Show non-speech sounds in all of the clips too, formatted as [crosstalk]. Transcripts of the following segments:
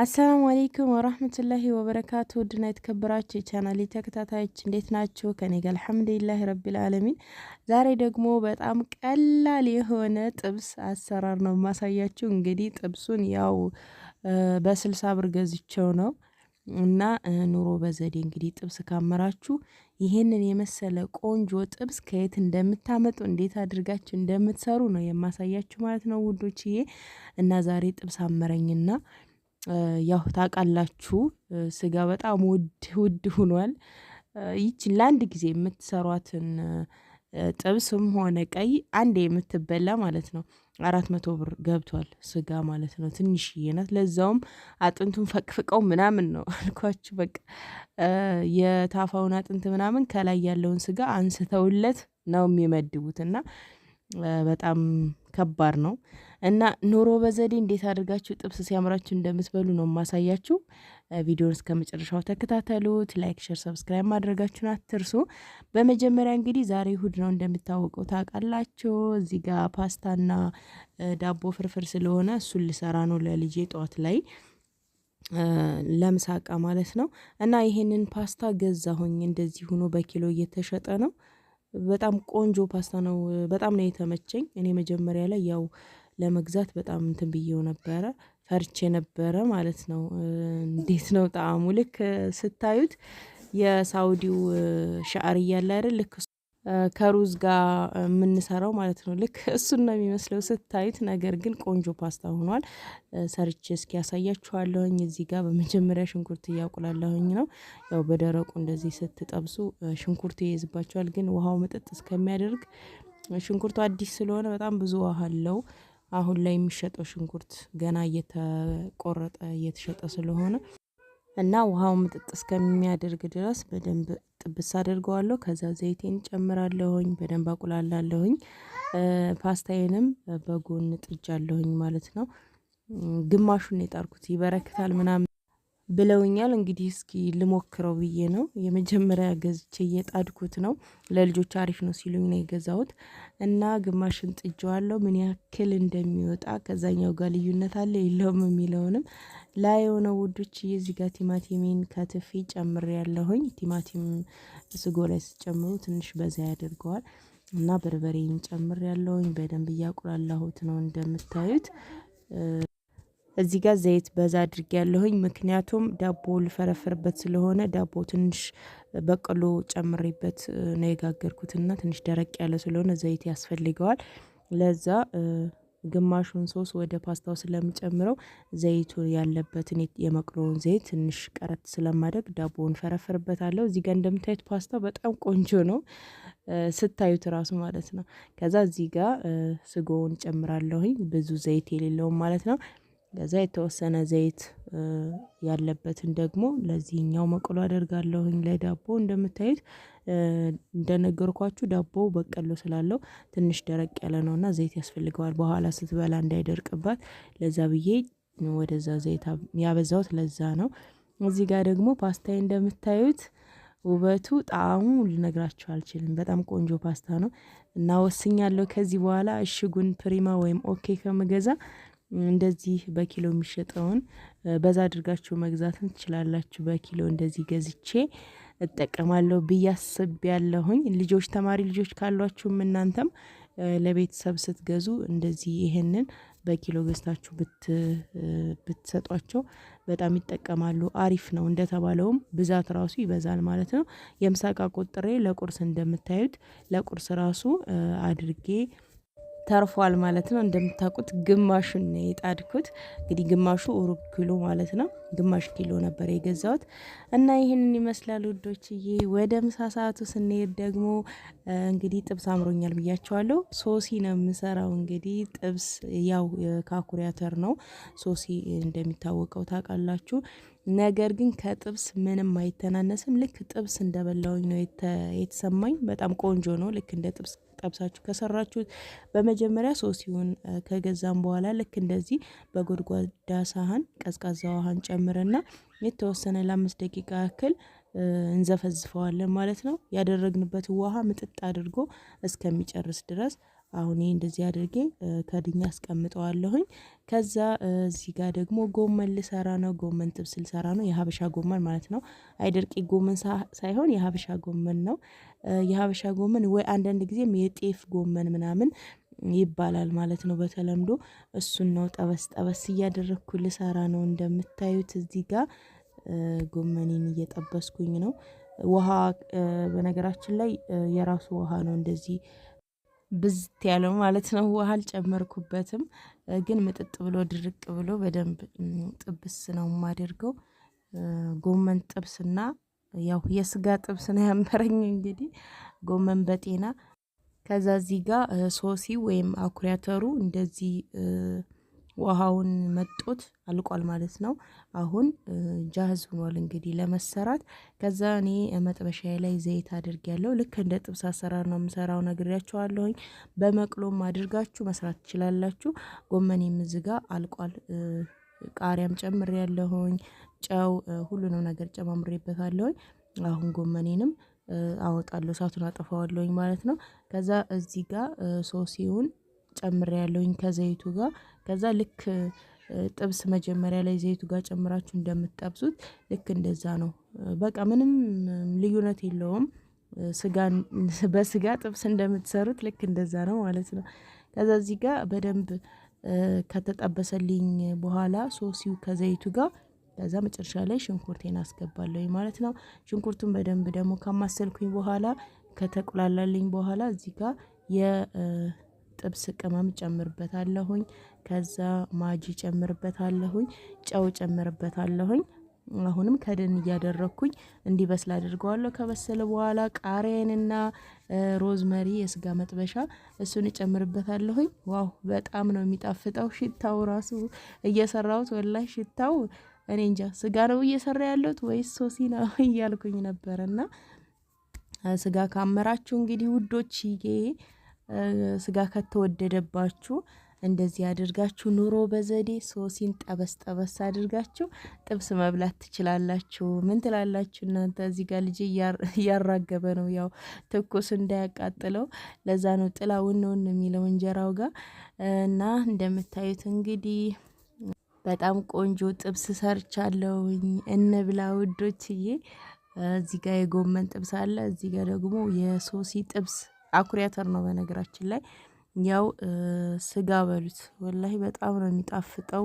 አሰላሙ አሌይኩም ወራህመቱላሂ ወበረካቱ ውድና የተከበራችሁ የቻናሌ ተከታታዮች እንዴት ናችሁ? ከኔ ጋር አልሐምዱሊላህ ረቢል አለሚን። ዛሬ ደግሞ በጣም ቀላል የሆነ ጥብስ አሰራር ነው የማሳያችሁ። እንግዲህ ጥብሱን ያው በስልሳ ብር ገዝቸው ነው እና ኑሮ በዘዴ እንግዲህ ጥብስ ካመራችሁ ይህንን የመሰለ ቆንጆ ጥብስ ከየት እንደምታመጡ እንዴት አድርጋችሁ እንደምትሰሩ ነው የማሳያችሁ ማለት ነው ውዶችዬ። እና ዛሬ ጥብስ አመረኝና ያው ታውቃላችሁ ስጋ በጣም ውድ ውድ ሆኗል። ይቺን ለአንድ ጊዜ የምትሰሯትን ጥብስም ሆነ ቀይ አንዴ የምትበላ ማለት ነው አራት መቶ ብር ገብቷል ስጋ ማለት ነው። ትንሽዬ ናት ለዛውም አጥንቱን ፈቅፍቀው ምናምን ነው [laughs] አልኳችሁ በቃ የታፋውን አጥንት ምናምን ከላይ ያለውን ስጋ አንስተውለት ነው የሚመድቡት እና በጣም ከባድ ነው እና ኑሮ በዘዴ እንዴት አድርጋችሁ ጥብስ ሲያምራችሁ እንደምትበሉ ነው የማሳያችሁ። ቪዲዮን እስከ መጨረሻው ተከታተሉት። ላይክ፣ ሸር፣ ሰብስክራይብ ማድረጋችሁን አትርሱ። በመጀመሪያ እንግዲህ ዛሬ እሁድ ነው እንደሚታወቀው ታውቃላችሁ። እዚህ ጋር ፓስታና ዳቦ ፍርፍር ስለሆነ እሱን ልሰራ ነው ለልጄ ጠዋት ላይ ለምሳቃ ማለት ነው እና ይሄንን ፓስታ ገዛሁኝ። እንደዚህ ሆኖ በኪሎ እየተሸጠ ነው በጣም ቆንጆ ፓስታ ነው። በጣም ነው የተመቸኝ። እኔ መጀመሪያ ላይ ያው ለመግዛት በጣም እንትን ብዬው ነበረ ፈርቼ ነበረ ማለት ነው። እንዴት ነው ጣዕሙ? ልክ ስታዩት የሳውዲው ሻዕርያ እያለ አይደል ልክ ከሩዝ ጋር የምንሰራው ማለት ነው። ልክ እሱን ነው የሚመስለው ስታዩት፣ ነገር ግን ቆንጆ ፓስታ ሆኗል። ሰርቼ እስኪ ያሳያችኋለሁኝ። እዚህ ጋር በመጀመሪያ ሽንኩርት እያቁላለሁኝ ነው። ያው በደረቁ እንደዚህ ስትጠብሱ ሽንኩርት ይይዝባቸዋል። ግን ውሃው መጠጥ እስከሚያደርግ ሽንኩርቱ አዲስ ስለሆነ በጣም ብዙ ውሃ አለው። አሁን ላይ የሚሸጠው ሽንኩርት ገና እየተቆረጠ እየተሸጠ ስለሆነ እና ውሃው ምጥጥ እስከሚያደርግ ድረስ በደንብ ጥብስ አድርገዋለሁ። ከዛ ዘይቴን ጨምራለሁኝ በደንብ አቁላላለሁኝ። ፓስታዬንም በጎን ጥጃለሁኝ ማለት ነው። ግማሹን የጣርኩት ይበረክታል ምናምን ብለውኛል። እንግዲህ እስኪ ልሞክረው ብዬ ነው የመጀመሪያ ገዝቼ እየጣድኩት ነው። ለልጆች አሪፍ ነው ሲሉኝ ነው የገዛሁት እና ግማሽን ጥጀዋለሁ። ምን ያክል እንደሚወጣ ከዛኛው ጋር ልዩነት አለ የለውም የሚለውንም ላይ የሆነ ውዶች፣ እዚህ ጋር ቲማቲሜን ከትፌ ጨምር ያለሁኝ። ቲማቲም ስጎ ላይ ስጨምሩ ትንሽ በዛ ያደርገዋል እና በርበሬን ጨምር ያለሁኝ። በደንብ እያቁላላሁት ነው እንደምታዩት እዚህ ጋር ዘይት በዛ አድርጌ ያለሁኝ ምክንያቱም ዳቦ ልፈረፍርበት ስለሆነ ዳቦ ትንሽ በቅሎ ጨምሬበት ነው የጋገርኩትና ትንሽ ደረቅ ያለ ስለሆነ ዘይት ያስፈልገዋል። ለዛ ግማሹን ሶስ ወደ ፓስታው ስለምጨምረው ዘይቱ ያለበትን የመቅሎውን ዘይት ትንሽ ቀረት ስለማድረግ ዳቦውን ፈረፍርበታለሁ። እዚህ ጋር እንደምታዩት ፓስታው በጣም ቆንጆ ነው ስታዩት ራሱ ማለት ነው። ከዛ እዚህ ጋር ስጎውን ጨምራለሁኝ ብዙ ዘይት የሌለውም ማለት ነው። ለዛ የተወሰነ ዘይት ያለበትን ደግሞ ለዚህኛው መቅሎ አደርጋለሁኝ ላይ ዳቦ እንደምታዩት እንደነገርኳችሁ ዳቦ በቀሎ ስላለው ትንሽ ደረቅ ያለ ነውና ዘይት ያስፈልገዋል። በኋላ ስትበላ እንዳይደርቅባት ለዛ ብዬ ወደዛ ዘይት ያበዛሁት ለዛ ነው። እዚህ ጋር ደግሞ ፓስታ እንደምታዩት ውበቱ ጣዕሙ ልነግራቸው አልችልም። በጣም ቆንጆ ፓስታ ነው እና ወስኛለሁ። ከዚህ በኋላ እሽጉን ፕሪማ ወይም ኦኬ ከምገዛ እንደዚህ በኪሎ የሚሸጠውን በዛ አድርጋችሁ መግዛትን ትችላላችሁ። በኪሎ እንደዚህ ገዝቼ እጠቀማለሁ ብዬ ያለሁኝ ልጆች ተማሪ ልጆች ካሏችሁም እናንተም ለቤተሰብ ስትገዙ እንደዚህ ይሄንን በኪሎ ገዝታችሁ ብትሰጧቸው በጣም ይጠቀማሉ። አሪፍ ነው። እንደተባለውም ብዛት ራሱ ይበዛል ማለት ነው። የምሳቃ ቆጥሬ ለቁርስ እንደምታዩት ለቁርስ ራሱ አድርጌ ተርፏል ማለት ነው። እንደምታውቁት ግማሹን ነው የጣድኩት። እንግዲህ ግማሹ ሩብ ኪሎ ማለት ነው። ግማሽ ኪሎ ነበር የገዛሁት እና ይህንን ይመስላል ውዶችዬ። ወደ ምሳ ሰዓቱ ስንሄድ ደግሞ እንግዲህ ጥብስ አምሮኛል ብያቸዋለሁ። ሶሲ ነው የምሰራው። እንግዲህ ጥብስ ያው ካኩሪያተር ነው ሶሲ፣ እንደሚታወቀው ታውቃላችሁ። ነገር ግን ከጥብስ ምንም አይተናነስም። ልክ ጥብስ እንደበላውኝ ነው የተሰማኝ። በጣም ቆንጆ ነው፣ ልክ እንደ ጥብስ ጠብሳችሁ ከሰራችሁት በመጀመሪያ ሶስ ሲሆን ከገዛም በኋላ ልክ እንደዚህ በጎድጓዳ ሳህን ቀዝቃዛ ውሃን ጨምረና የተወሰነ ለአምስት ደቂቃ ያክል እንዘፈዝፈዋለን ማለት ነው። ያደረግንበት ውሃ ምጥጥ አድርጎ እስከሚጨርስ ድረስ አሁን ይህ እንደዚህ አድርጌ ከድኛ አስቀምጠዋለሁኝ። ከዛ እዚህ ጋር ደግሞ ጎመን ልሰራ ነው። ጎመን ጥብስ ልሰራ ነው። የሀበሻ ጎመን ማለት ነው። አይደርቂ ጎመን ሳይሆን የሀበሻ ጎመን ነው። የሀበሻ ጎመን ወይ አንዳንድ ጊዜም የጤፍ ጎመን ምናምን ይባላል ማለት ነው በተለምዶ። እሱን ነው ጠበስ ጠበስ እያደረግኩ ልሰራ ነው። እንደምታዩት እዚህ ጋር ጎመኔን እየጠበስኩኝ ነው። ውሃ በነገራችን ላይ የራሱ ውሃ ነው እንደዚህ ብዝት ያለው ማለት ነው። ውሃ አልጨመርኩበትም፣ ግን ምጥጥ ብሎ ድርቅ ብሎ በደንብ ጥብስ ነው የማደርገው። ጎመን ጥብስና ያው የስጋ ጥብስ ነው ያመረኝ እንግዲህ ጎመን በጤና ከዛ እዚህ ጋር ሶሲ ወይም አኩሪያተሩ እንደዚህ ውሃውን መጦት አልቋል ማለት ነው። አሁን ጃህዝ ሆኗል እንግዲህ ለመሰራት። ከዛ እኔ መጥበሻዬ ላይ ዘይት ያለው ልክ እንደ ጥብስ አሰራር ነው የምሰራው ነግሬያችኋለሁኝ። በመቅሎም አድርጋችሁ መስራት ትችላላችሁ። ጎመን የምዝጋ አልቋል። ቃሪያም ያለሁኝ፣ ጨው፣ ሁሉንም ነገር ጨማምሬበታለሁኝ። አሁን ጎመኔንም አወጣለሁ፣ እሳቱን አጠፋዋለሁኝ ማለት ነው። ከዛ እዚህ ጋር ሶሲውን ያለሁኝ ከዘይቱ ጋር ከዛ ልክ ጥብስ መጀመሪያ ላይ ዘይቱ ጋር ጨምራችሁ እንደምትጠብሱት ልክ እንደዛ ነው። በቃ ምንም ልዩነት የለውም። [laughs] በስጋ ጥብስ እንደምትሰሩት ልክ እንደዛ ነው ማለት ነው። ከዛ እዚህ ጋር በደንብ ከተጠበሰልኝ በኋላ ሶሲው ከዘይቱ ጋር ከዛ መጨረሻ ላይ ሽንኩርቴን አስገባለሁ ማለት ነው። ሽንኩርቱን በደንብ ደግሞ ካማሰልኩኝ በኋላ ከተቁላላልኝ በኋላ እዚህ ጋር የ ጥብስ ቅመም ጨምርበታለሁኝ። ከዛ ማጂ ጨምርበታለሁኝ። ጨው ጨምርበታለሁኝ። አሁንም ከድን እያደረግኩኝ እንዲበስል አድርገዋለሁ። ከበሰለ በኋላ ቃሪያንና ሮዝመሪ የስጋ መጥበሻ እሱን እጨምርበታለሁኝ። ዋው በጣም ነው የሚጣፍጠው። ሽታው ራሱ እየሰራሁት ወላሂ ሽታው እኔ እንጃ ስጋ ነው እየሰራ ያለሁት ወይስ ሶሲ ነው [laughs] እያልኩኝ ነበርና ስጋ ካመራችሁ እንግዲህ ውዶች ስጋ ከተወደደባችሁ እንደዚህ አድርጋችሁ ኑሮ በዘዴ ሶሲን ጠበስ ጠበስ አድርጋችሁ ጥብስ መብላት ትችላላችሁ። ምን ትላላችሁ እናንተ? እዚህ ጋር ልጅ እያራገበ ነው፣ ያው ትኩስ እንዳያቃጥለው ለዛ ነው ጥላ ውን ውን የሚለው እንጀራው ጋር እና እንደምታዩት እንግዲህ በጣም ቆንጆ ጥብስ ሰርቻለሁኝ። እንብላ ውዶችዬ። እዚህ ጋር የጎመን ጥብስ አለ፣ እዚህ ጋር ደግሞ የሶሲ ጥብስ አኩሪ አተር ነው በነገራችን ላይ ያው ስጋ በሉት ወላሂ በጣም ነው የሚጣፍጠው።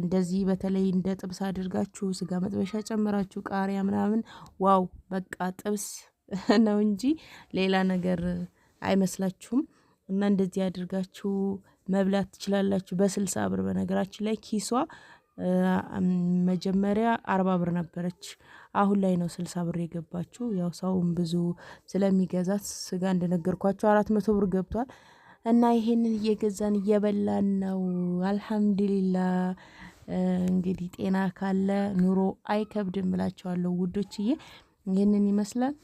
እንደዚህ በተለይ እንደ ጥብስ አድርጋችሁ ስጋ መጥበሻ ጨምራችሁ ቃሪያ ምናምን ዋው በቃ ጥብስ [laughs] ነው እንጂ ሌላ ነገር አይመስላችሁም። እና እንደዚህ አድርጋችሁ መብላት ትችላላችሁ በስልሳ ብር። በነገራችን ላይ ኪሷ መጀመሪያ አርባ ብር ነበረች አሁን ላይ ነው ስልሳ ብር የገባችው ያው ሰውም ብዙ ስለሚገዛት ስጋ እንደነገርኳችሁ አራት መቶ ብር ገብቷል። እና ይሄንን እየገዛን እየበላን ነው አልሐምዱሊላ። እንግዲህ ጤና ካለ ኑሮ አይከብድም እላችኋለሁ ውዶችዬ፣ ይህንን ይመስላል።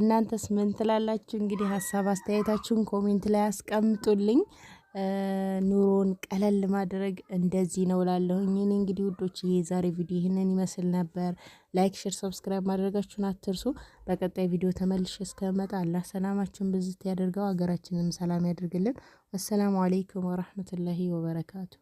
እናንተስ ምን ትላላችሁ? እንግዲህ ሀሳብ አስተያየታችሁን ኮሜንት ላይ አስቀምጡልኝ። ኑሮን ቀለል ማድረግ እንደዚህ ነው እላለሁኝ። እኔ እንግዲህ ውዶች የዛሬ ቪዲዮ ይህንን ይመስል ነበር። ላይክ፣ ሼር፣ ሰብስክራይብ ማድረጋችሁን አትርሱ። በቀጣይ ቪዲዮ ተመልሼ እስከመጣ አላህ ሰላማችሁን ብዝት ያደርገው፣ ሀገራችንም ሰላም ያደርግልን። ወሰላሙ አሌይኩም ወራህመቱላሂ ወበረካቱ